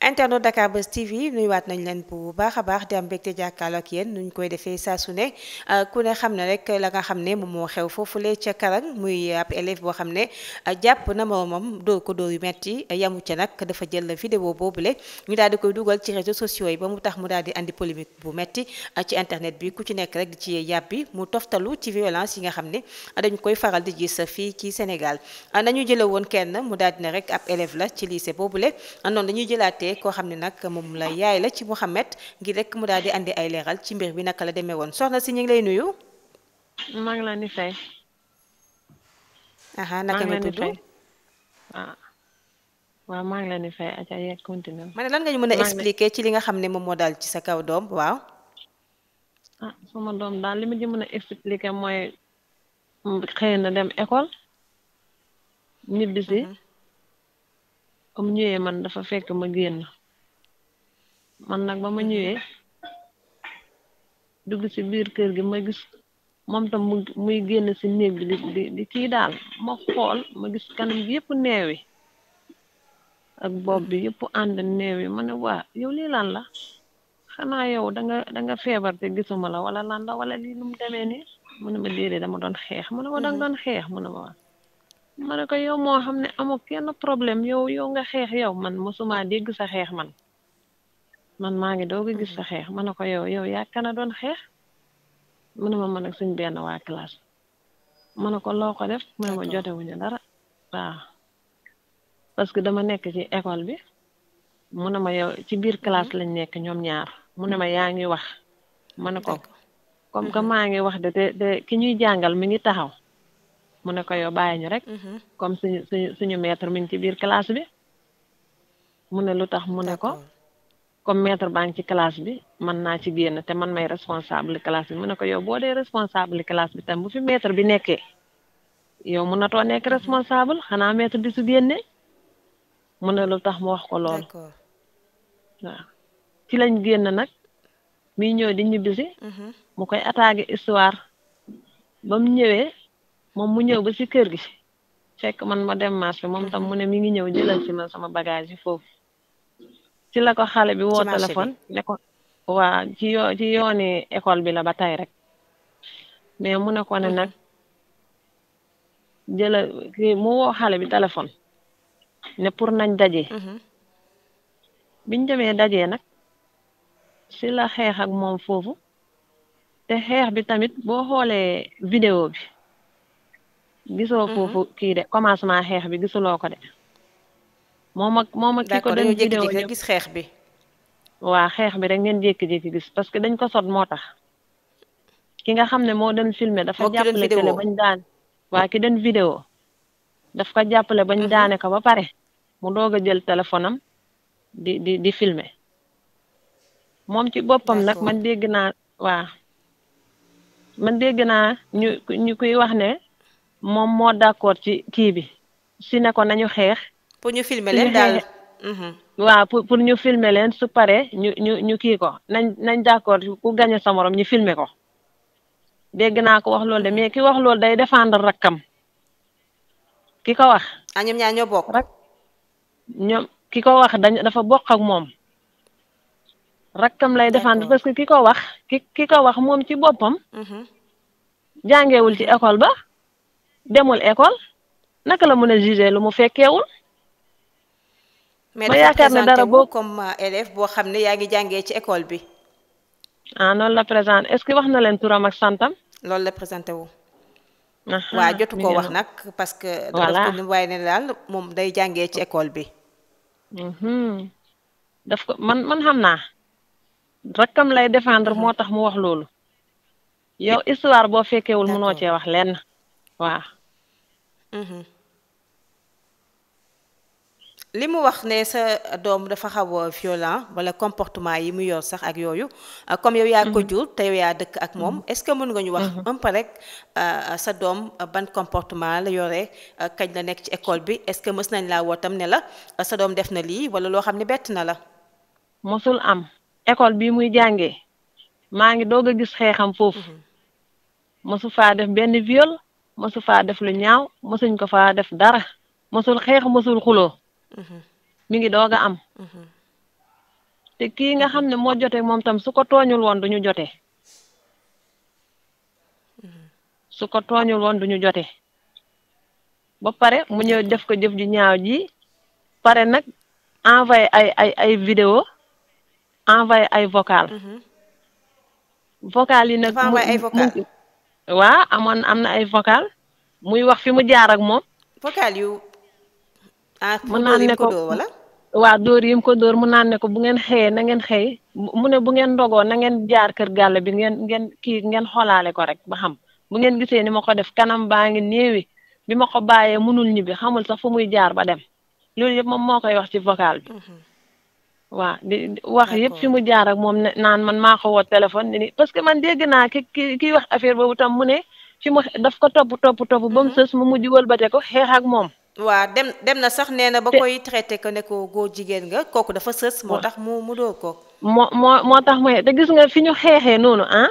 internet Dakar Buzz TV waat nañ leen bu baax a baax di am mbégte jàkkaarloo ak yéen nu ñu koy defee saa su ne euh, ku ne xam ne rek la nga xam ne moom moo xew foofulee ca Karang muy ab élève boo xam ne euh, jàpp na moromam dóor ko dóor yu metti yamu ca nag dafa jël vidéo boobule ñu daal di koy dugal ci réseaux sociaux yi ba mu tax mu daal di andi polémique bu metti euh, ci bi ku ci nekk rek ci yàbbi mu toftalu ci violence yi nga xam ne dañu koy faral di gis fii ci Sénégal nañu jëlee woon kenn mu daal di ne rek ab élève la ci lycée boobule noonu dañuy jëlaatee laajtee koo xam ne nag moom la yaay la ci Mouhamed ngir rek mu daal di andi ay leeral ci mbir bi naka la demee woon soxna si ñu ngi lay nuyu. maa ngi leen di fay. aha naka nga tudd waaw ah. waaw maa ngi leen di fay Adja yeeg continué. ma ne lan nga ñu mën a expliquer ci li nga xam ne moom moo daal ci sa kaw doom waaw. ah sama doom daal li ma ci mën a expliquer mooy xëy na dem école ñibbisi. Mhm. ba mu ñëwee man dafa fekk ma génn man nag ba ma ñëwee dugg si biir kër gi ma gis moom tam muy génn si néeg bi di di kii daal ma xool ma gis kanam gi yëpp yi ak bopp bi yépp ànd neewi ma ne wa yow lii lan la xanaa yow danga danga feebar te gisuma la wala lan la wala lii nu mu demee nii mu ne ma déedéet dama doon xeex mu ne ma danga mhm. doon xeex mu ne ma waa ma ne ko yow moo xam ne amoo kenn problème yow yow nga xeex yow man ma mosuma dégg sa xeex man man maa ngi doog a gis sa xeex ma ne ko yow yow yaa kana doon xeex mu ne ma man ak suñ benn waa classe ma ne ko loo ko def mu ne ma jotewuñu dara waaw parce que dama nekk ci école bi mu ne ma yow ci biir classe lañ nekk ñoom ñaar mu ne ma mm-hmm. yaa ngi wax ma ne ko comme que mm-hmm. maa ngi wax de te ki ñuy jàngal mi ngi taxaw mu ne ko yow bàyyi ñu rek mm-hmm. comme suñu suñu suñu maître mi ngi ci biir classe bi mu ne lu tax mu ne ko comme metre baa ngi ci classe bi man naa ci génn te man may responsable classe bi mu ne ko yow boo dee responsable classe bi tam bu fi maître bi nekkee yow mun na too nekk mm-hmm. responsable xanaa maître di su génne mu ne lu tax mu wax ko loolu ci lañ génn nag mi ñëw di ñibbisi mm-hmm. mu koy attaqué histoire ba ñëwee moom mu ñëw ba si kër gi fekk man ma dem marché moom tam mu ne mi ngi ñëw jëlal si man sama bagage yi foofu ci la ko xale bi woo téléphone ne ko waa ci ci yooni école bi la ba tey rek mais mu ne ko ne nag jëla kii mu woo xale bi téléphone ne pour nañ daje. Mm-hmm. biñ demee daje nag si la xeex moom foofu te xeex bi tamit boo xoolee vidéo bi gisoo mm-hmm. foofu kii de commencement xeex bi gisuloo ko de moom ak moom ak ki ko doon vidéo xeex bi waa xeex bi rek ngeen jékki-jékki gis parce que dañ ko sot moo tax ki nga xam ne moo doon filmer dafa jàppale télé bañ daan waa ki doon vidéo daf ko jàppale bañ mm-hmm. daane ko ba pare mu doog a jël téléphone am di di di filmer moom ci boppam nag man dégg naa waa man dégg naa ñu ñu kuy wax ne moom moo d'accord ci kii bi si ne ko nañu xeex. pour ñu filmer leen daal mhm. waaw pour ñu filmer leen su pare ñu ñu ñu kii ko nañ nañ d'accord ku gañe sa morom ñu filmer ko dégg naa ko wax loolu de mais ki wax loolu day défendre rakkam ki ko wax. ah ñoom ñaar ñoo ñoom ki ko wax dafa bokk ak moom rakkam lay défendre parce que ki ko wax ki ki ko wax moom ci boppam. Mhm. jàngewul ci école ba. demul école naka la mën a jugé lu mu fekkeewul ma yaakaar ne dara boo comme euh, élève boo xam ne yaa ngi jàngee ci école bi ah noonu la présente ce que wax na leen turam ak santam loolu la présenté wu waa jotu wax nag parce que dafa ko waaye ne daal moom day jàngee ci école bi mhm. daf ko man naa rakkam lay défendre moo mhm. tax mu wax loolu yow histoire boo fekkeewul mënoo cee wax lenn waa Mhm. li mu wax ne sa doom dafa xaw a violent wala comportement yi mu yor sax ak yooyu euh, comme yow yaa ko mhm. jur te yow yaa dëkk ak moom mhm. est-ce que mën nga ñu wax un peu euh, sa doom euh, ban comportement la yore kañ la nekk ci école bi est-ce que mës nañ laa wootam ne la sa doom def na lii wala loo xam ne bett na la mosul am école bi muy jàngee maa ngi doog a gis xeexam foofu mosu faa def benn viol mosu faa def lu ñaaw mosuñ ko faa def dara mosul xeex mosul xuloo mhm. mi ngi doog a am mhm. te kii nga xam ne moo jote moom tam su ko tooñul woon duñu jote mhm. su ko tooñul woon duñu jote ba pare mu ñëw def ko jëf ji ñaaw ji pare nag envoyé ay ay ay vidéo envoyé ay vocal vocal yi nag waa amoon am na ay vocal muy wax fi mu jaar ak moom. vocal yu. ah mu naan ne ko waa dóor yi mu ko dóor mu naan ne ko bu ngeen xëyee na ngeen xëy mu ne bu ngeen ndogoo na ngeen jaar kër gàll bi ngeen ngeen kii ngeen xoolaale ko rek ba xam bu ngeen gisee ni ma ko def kanam baa ngi néewi bi ma ko bàyyee mënul ñibbi xamul sax fu muy jaar ba dem loolu yëpp moom moo koy wax ci vocal bi. Mhm. waaw di wax yëpp fi mu jaar ak moom naan man maa ko woo téléphone ni parce que man dégg naa ki ki wax affaire boobu tam mu ne fi mu daf ko topp topp topp ba mu mhm. sës mu mujj wëlbate ko xeex ak moom. waa dem dem na sax nee na ba koy traité ko ne góor jigéen nga kooku dafa sës. moo tax mu mu doo ko. moo moo moo tax mooy te gis nga fi ñu xeexee noonu ah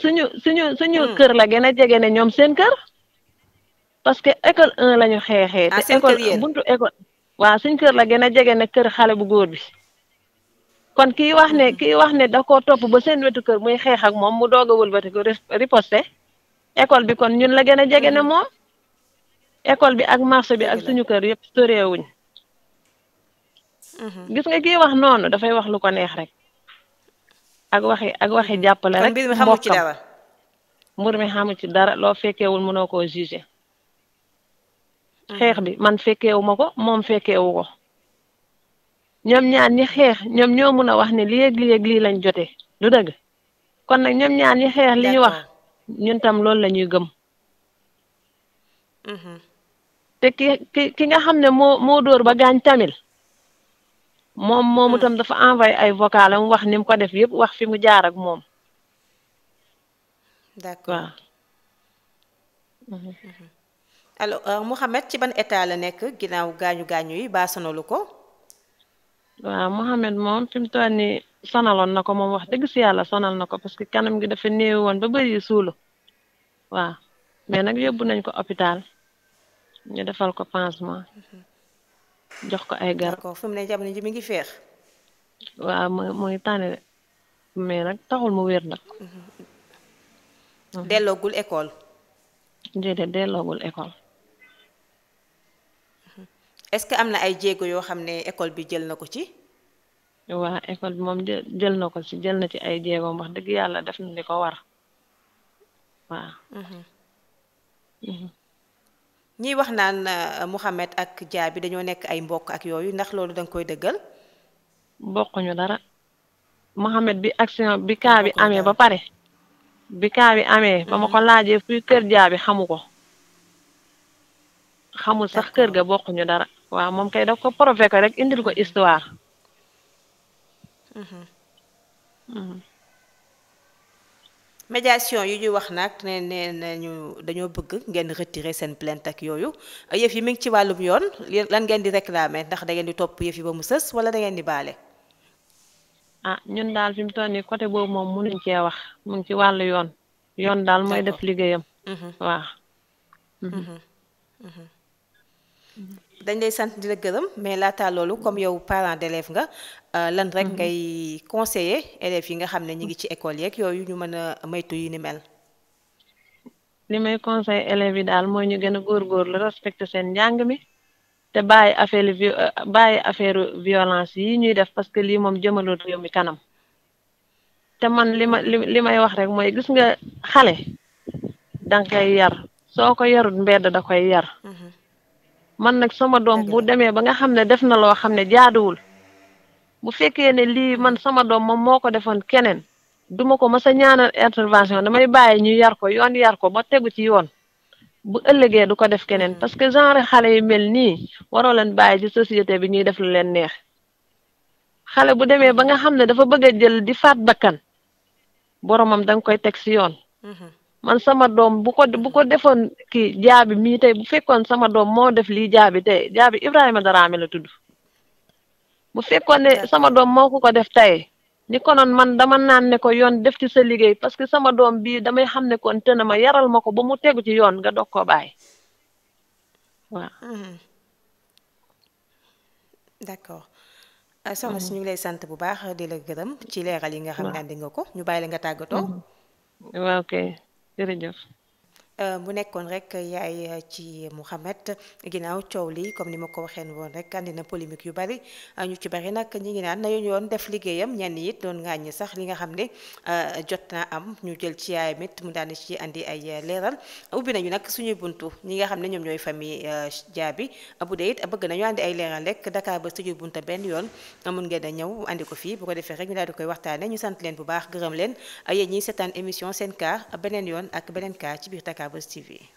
suñu suñu suñu mhm. kër la gën a jege ne ñoom seen kër parce que école 1 la ñu xeexee. te ah, école buntu école. waa suñ kër la gën a jege ne kër xale bu góor bi. kon ki wax ne mm-hmm. kii wax ne da koo topp ba seen wetu kër muy xeex moom mu doog a wëlbatiku riposte école bi kon ñun la gën a jege ne mm-hmm. moom école bi ak marché bi ak suñu kër yëpp soreewuñ mm-hmm. gis nga ki wax noonu dafay wax lu ko neex rek ak waxi ak waxi jàppale rek mbokkam mbir mi xamu ci dara loo fekkewul mënoo koo jugé xeex bi man fekkewuma ko moom fekkewu ko ñoom ñaan ñi xeex ñoom ñoo mën a wax ne lii ak lii ak lii lañ jote lu dëgg kon nag ñoom ñaan ñi xeex li wax ñun tam loolu la ñuy gëm mm-hmm. te ki ki nga xam ne moo moo dóor ba gaañ tamit moom moomu tam mm. dafa envoyé ay vocal mu wax ni mu ko def yëpp wax fi mu jaar ak moom d'accord mm-hmm. Mm-hmm. alors euh, Mouhamed ci ban état la nekk ginnaaw gaañu gaañu yi baa sonalu ko waaw Mohamed moom fi mu toll nii sonaloon na ko moom wax dëgg si yàlla sonal na ko parce que kanam gi dafa néew woon ba bëri suulu waaw mais nag yóbbu nañ ko hôpital ñu defal ko pansement mhm. jox ko ay garab. d'accord fu mu ne jamono ji mi ngi feex. waaw mu mu ngi de mais nag taxul mu wér nag. Mhm. Mhm. delloogul école. déedéet delloogul école. est-ce que am na ay jéego yoo xam ne école bi jël na ko ci waa école bi moom jël na ko ci jël na ci ay jéego wax dëgg yàlla def na li ko war waaw mhm. mhm. ñiy wax naan euh, Mouhamed ak Dia bi dañoo nekk ay mbokk ak yooyu ndax loolu danga koy dëggal bokkuñu dara Mouhamed bi action bi kaa bi amee ba pare bi kaa bi amee ba ma ko mhm. laajee fuy kër Dia bi xamu ko xamul sax kër ga bokkuñu dara waaw moom kay daf ko prouvé ko rek indil ko histoire. Mhm. Mhm. médiation yu ñuy wax nag ne nee ñu dañoo bëgg ngeen retirer seen plainte ak yooyu yëf yi mu ngi ci wàllum yoon lan ngeen di réclamer ndax da ngeen di topp yëf yi ba mu sës wala da ngeen di baale. ah ñun daal fi mu toll nii côté boobu moom mënuñ cee wax mu ngi ci wàllu yoon yoon daal mooy def liggéeyam. Mhm. waaw. dañ lay sant di la gërëm mais laataa loolu comme yow parent d'élève nga euh, lan rek mhm. ngay conseiller élève yi nga xam ne ñi ngi ci école yeeg yooyu ñu mën a maytu yi ni mel li may conseil élève yi daal mooy ñu gën a góorgóorlu respecté seen njàng mi te bàyyi affaire euh, bàyyi affaire violence yi ñuy def parce que lii moom jëmalul réew mi kanam te man li ma li may wax rek mooy gis nga xale danga yar soo ko yarut mbedd da koy yar mhm. man nag sama doom bu demee ba nga xam ne def na loo xam ne jaaduwul bu fekkee ne lii man sama doom moom moo ko defoon keneen duma ko ma a ñaanal intervention damay bàyyi ñu yar ko yoon yar ko ba tegu ci yoon bu ëllëgee du ko def keneen mm. parce que genre xale yu mel nii waroo leen bàyyi di société bi ñuy def lu leen neex xale bu demee ba nga xam ne dafa bëgg a jël di faat bakkan boromam danga koy teg si yoon mm-hmm. man sama doom bu ko bu ko defoon ki jaabi mii tey bu fekkoon sama doom moo def lii jaabi tey jaabi Ibrahima Daraame la tudd bu fekkoon ne sama doom moo ko ko def tey ni konoon man dama naan ne ko yoon def ci sa liggéey parce que sama doom bii damay xam ne kon tëna ma yaral ma ko ba mu tegu ci yoon nga dog koo bàyyi waaw. Mhm. d'accord. Euh, soxna si mhm. ñu ngi lay sant bu baax di la gërëm ci leeral yi nga xam ne andi nga ko ñu bàyyi la nga tàggatoo. Mhm. waaw kay. jërëjëf. mu euh, nekkoon rek yaay euh, ci Mouhamed ginnaaw coow lii comme ni ma ko waxeen woon rek andi na polémique yu bari euh, ñu ci bari nag ñi ngi naan na yoon def liggéeyam ñenn it doon ŋàññi sax li nga xam ne jot naa am ñu jël ci yaayam it mu daana ci andi ay leeral ubbi nañu nag suñuy buntu ñi nga xam ne ñoom ñooy famille Diaby bu dee it bëgg nañu andi ay leeral rek Dakar ba suñuy bunta benn yoon mun ngeen a ñëw andi ko fii bu ko defee rek ñu daal di koy waxtaane ñu sant leen bu baax gërëm leen yéen ñiy seetaan émission seen cas beneen yoon ak beneen Diabos TV.